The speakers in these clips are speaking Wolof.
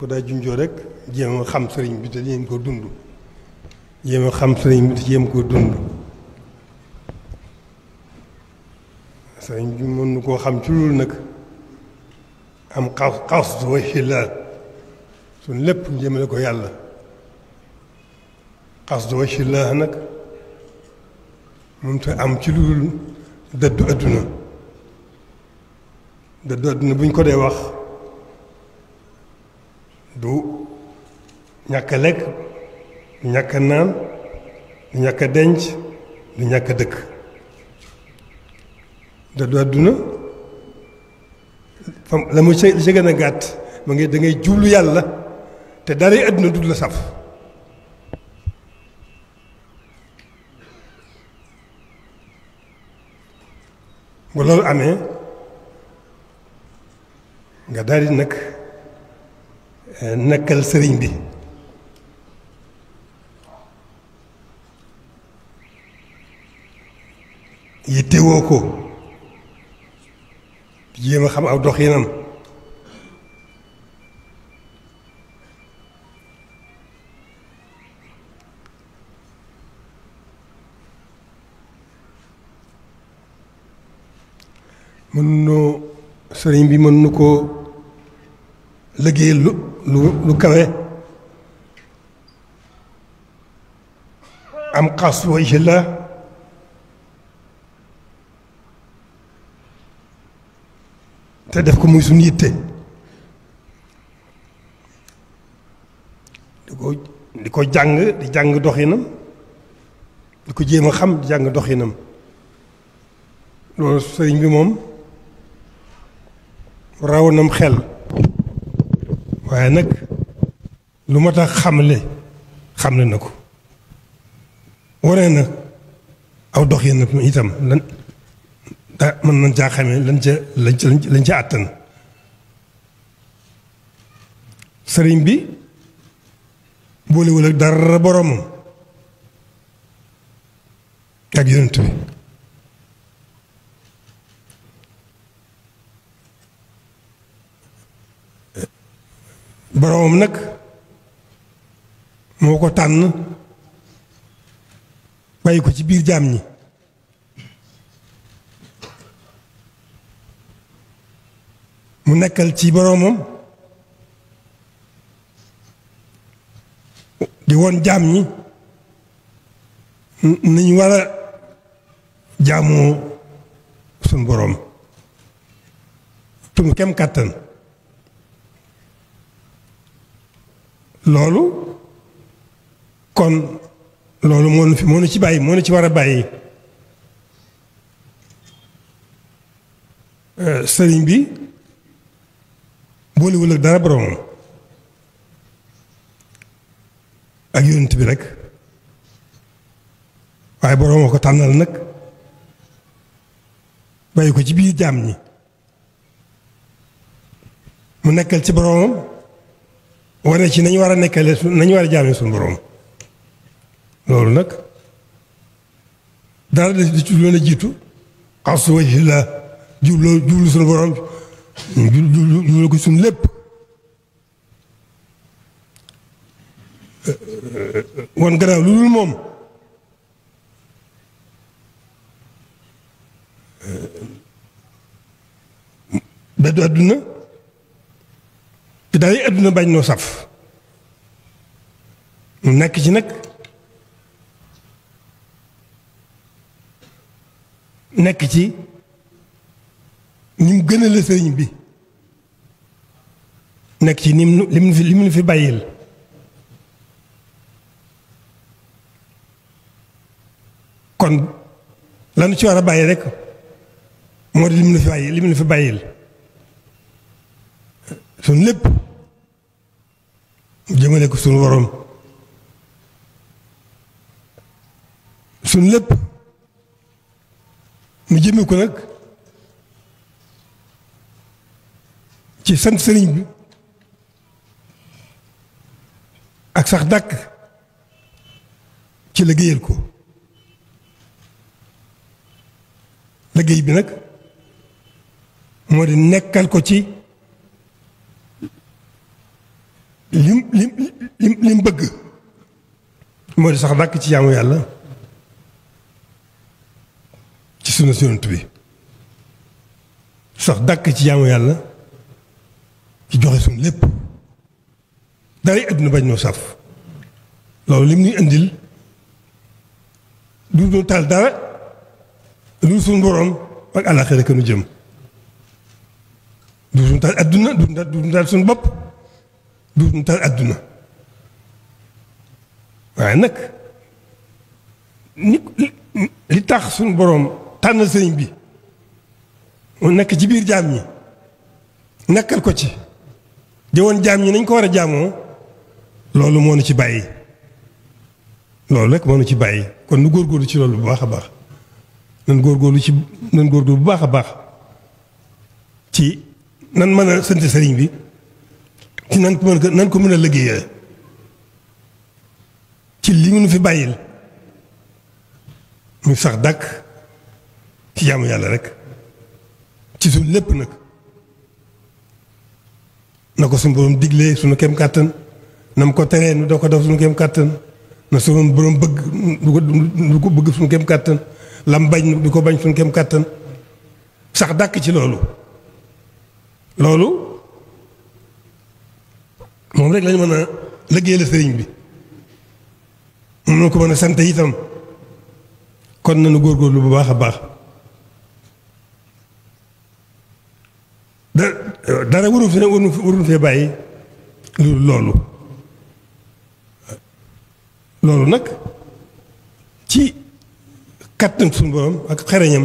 ku daa junjoo rek jéem a xam sëriñ bi te jéem ko dund jéem a xam sëriñ bi te jéem ko dund sëriñ bi mën nu koo xam ci loolu nag am xaw xawsu wa xilaal suñ lépp jëmale ko yàlla xawsu wa xilaal nag mënut am ci loolu dëddu adduna dëddu adduna buñ ko dee wax ñàkk a lekk du ñàkk a naan du ñàkk denc du ñàkk àdduna fam la mu ca ca gën a gàtt ma ngi da ngay jublu yàlla te dara àdduna du la saf bu loolu amee nga daal di nag eh, nekkal bi yittewoo ko jéem a xam aw doxinam mën noo sëriñ bi mën nu koo liggéey lu lu lu kawe am xas wa la te def ko muy suñu yitte di ko di ko jàng di jàng doxinam di ko jéem a xam di jàng doxinam loolu sëriñ bi moom raw nam xel waaye nag lu ma tax xamle xamle na ko waree na aw doxinam itam lan mën nañ caa xamee lañ ca lañ ca lañ ca àttan sëriñ bi boolewul ak dara boromam ak yonent bi boromam nag moo ko tànn bàyyi ko ci biir jaam ñi mu nekkal ci boroomam di woon jaam ñi niñ war a jaamoo suñ boroom tum kem kàttan loolu kon loolu moo fi moo ci bàyyi moo ci war a bàyyi eh, sëriñ bi boolewul ak dara boromam ak yonent bi rek waaye borooma ko tànnal nag bàyyi ko ci biir jaam ñi mu nekkal ci boromam wane ci nañu war a nekkale nañu war a jaamee suñ borom loolu nag dara da ci lu leen a jiitu xasu wajhillah jublu jublu suñu borom ñu jublu ko suñu lépp wan gannaaw lu dul moom beddu adduna te daay adduna bañ noo saf mu nekk ci nag nekk ci ni mu gën a la sëriñ bi nekk ci ni mu lim li mu fi bàyyil kon lanu ci war a bàyyi rek moo di lim nu fi bàyyi lim bàyyil suñ lépp jëmale ko suñu waroom suñ lépp mu jëme ko nag ci sant sëriñ bi ak sax dàkk ci liggéeyal ko liggéey bi nag moo di nekkal ko ci lim lim lim lim bëgg moo di sax dàkk ci yaamu yàlla ci sunu sunant bi sax dàkk ci yaamu yàlla ci joxe suñ lépp dara àdduna bañ noo saf loolu lim ñuy indil du ñu tal dara lu suñ borom ak àllaaxira ka nu jëm du ñu tal aduna du ñu taal suñ bopp du ñu tal aduna waaye nag ni li tax suñ borom tànn sëriñ bi mu nekk ci biir jaam ñi nekkal ko ci di woon jaam ñi nañ ko war a jaamoo loolu moo nu ci bàyyi loolu rek moo nu ci bàyyi kon nu góorgóorlu ci loolu bu baax a baax nan góorgóorlu ci nan góorgóorlu bu baax a baax ci nan mën a sant sëriñ bi ci nan ko mën a nan ko mën a liggéeyee ci li nu fi bàyyil muy sax dàkk ci jaamu yàlla rek ci suñ lépp nag. na ko suñu borom diglee suñu kem kàttan na mu ko teree nu doo ko def suñu kem kàttan na suñu borom bëgg du ko bëgg suñu kem kàttan lam bañ du ko bañ suñu kem kàttan sax dàkk ci loolu loolu moom rek lañ mën a liggéey la sëriñ bi moom ko mën a sant itam kon nañu góorgóorlu bu baax a baax dara waru fi ne waru fee bàyyi loolu loolu nag ci kattan suñu borom ak xereñam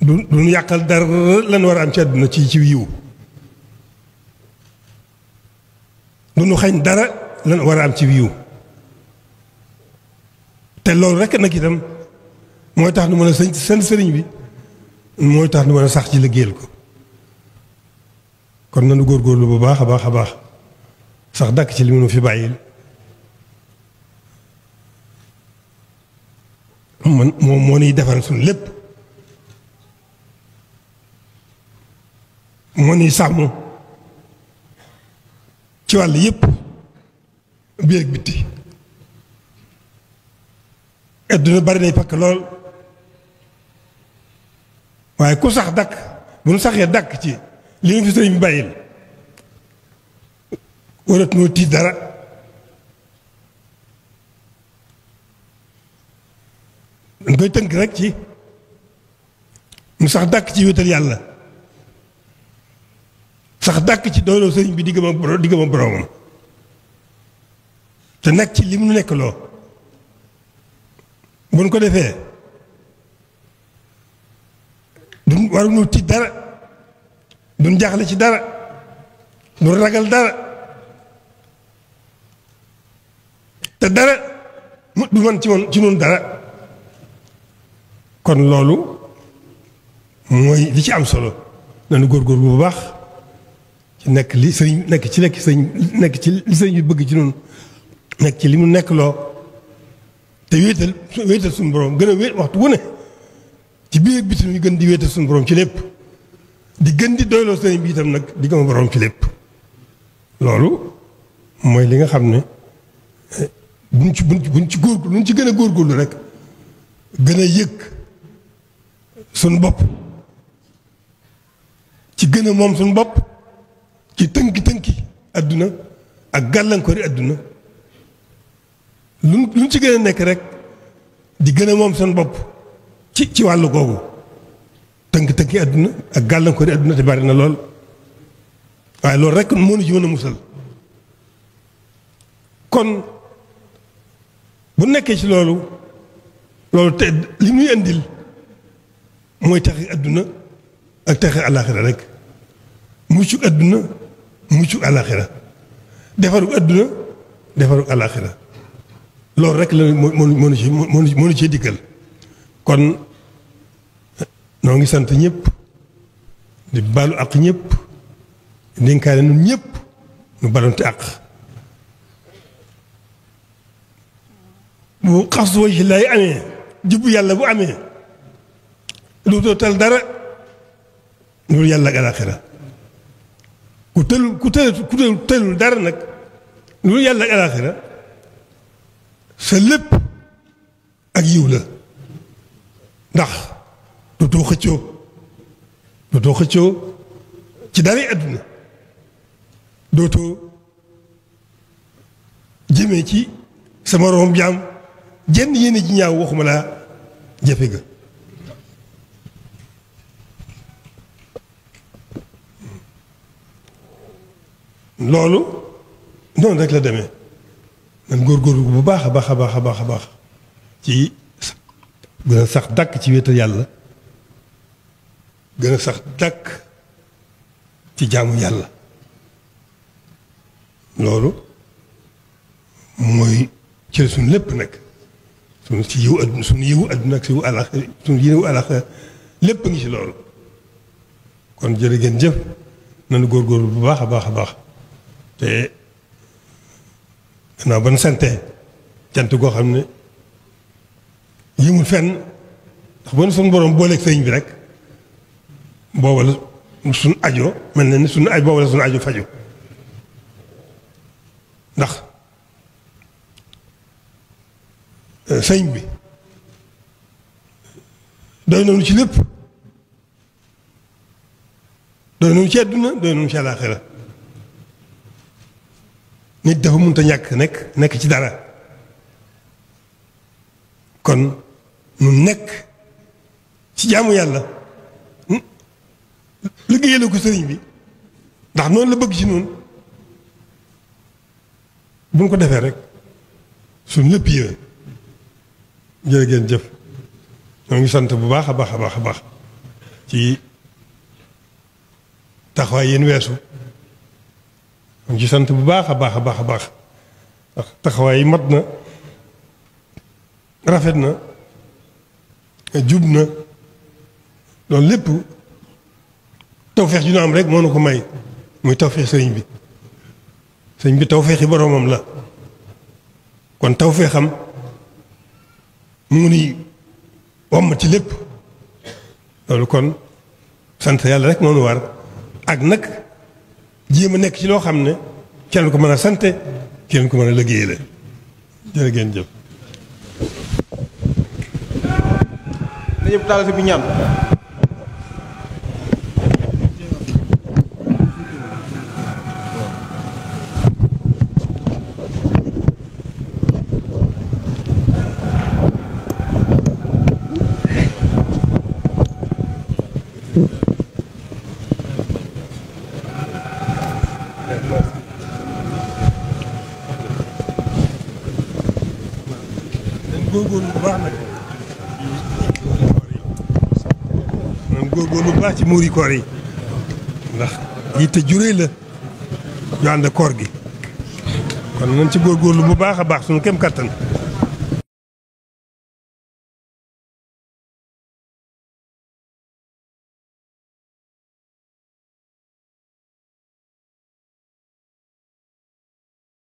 du duñu yàqal dar lan war a am ci àdduna ci ci yiw duñu xañ dara lan war a am ci yiw te loolu rekk nag itam mooy tax nu mën a sëñ seen sëriñ bi mooy tax nu mën a sax ci liggéeyal ko كنا نقول قول باخ باخ باخ صدق تلمنو في بعيل موني دفن سن لب موني سامو توال يب بيك بيتي ادنا بارني فك لول واي كو صح دك بون صح دك تي li ñu fi sëriñ bàyyil warat noo tiit dara dañ koy tënk rek ci mu sax dàkk ci wéetal yàlla sax dàkk ci dooloo sëriñ bi di gëm a te nag ci li mu nekk loo buñ ko defee du war nu tiit dara duñ jaaxle ci dara duñ ragal dara te dara mu du man ci woon ci noonu dara kon loolu mooy li ci am solo góor góor bu baax ci nekk li sëriñ nekk ci lekk sëriñ nekk ci li sëriñ bëgg ci nekk ci li mu nekk loo te wéetal wéetal suñu borom gën a wéet waxtu wu ne ci biir bitim ñu gën di wéetal suñu borom ci lépp di gën di doyloo sëriñ bi itam nag di gëm borom ci lépp loolu mooy li nga xam ne eh, buñ ci buñ ci buñ ci góor luñ ci gën a góor góorgóorlu rek gën a yëg suñ bopp ci gën a moom suñ bopp ci tënki-tënki adduna ak gàllankoori adduna lu luñ ci gën a nekk rek di gën a moom suñ bopp ci ci wàll googu tënk-tënki àdduna ak gàllankoori àdduna te bari na lool waaye loolu rek moo ñu ci mën a musal kon bu nekkee ci loolu loolu te li muy andil mooy taxi àdduna ak taxi àllaaxira rek muccu àdduna muccu àllaaxira defaru àdduna defaru àllaaxira loolu rek la moo moo moo ci moo ci dikkal kon noo ngi sant ñëpp di balu ak ñëpp dénkaane nun ñëpp nu balonte ak bu xas wajhi laay amee jubbu yàlla bu amee lu tootal dara loolu yàlla ak alaaxira ku tëlu ku tëlu ku tëlul dara nag loolu yàlla ak alaaxira sa lépp ak yiw la ndax dootoo xëccoo dootoo xëccoo ci dara àdduna dootoo jëmee ci sama romb jaam jenn yéene ji ñaaw waxuma laa jafe ga loolu noonu rek la deme demee góor góorgóorlu bu baax a baax a baax a baax a baax ci gën a sax dàkk ci wéetal yàlla gën a sax dàkk ci jaamu yàlla loolu mooy ci la lépp nag suñ ci yiw adduna suñ yiwu adduna ak si yiwu alax suñ yiwu alax lépp ngi ci loolu kon jërë ngeen jëf nanu góor bu baax a baax a baax te gannaaw ban sante cant goo xam ne yimul fenn ndax ban suñu borom booleeg sëñ bi rek booba la suñ ajo mel na ni suñ aj booba la suñ ajo faju ndax sëñ bi doy nañu ci lépp doy nañu ci àdduna doy nañu ci àllaaxira nit dafa mënut a ñàkk nekk nekk ci dara kon nu nekk ci jaamu yàlla liggéeyale ko sëriñ bi ndax noonu la bëgg ci noonu bu ñu ko defee rek suñ lépp yéwén jërë ngeen jëf ñoo ngi sant bu baax a baax a baax a baax ci taxawaay yéen weesu ñoo ci sant bu baax a baax a baax a baax ndax taxawaay yi mat na rafet na jub na loolu lépp tawféex ju ñu am rek moo nu ko may muy tawféex sëriñ bi sëriñ bi tawféexi boroomam la kon tawféexam mu ngi womm ci lépp loolu kon sant yàlla rek moo nu war ak nag jéem a nekk ci loo xam ne ci leen ko mën a sante ci leen ko mën a liggéey la jërë ngeen jëf. góorgóorlu bu baax bu baax ci muuri koor yi ndax yitte juree la ñu ànd koor gi kon nañ ci góorgóorlu bu baax a baax suñu kem kàttan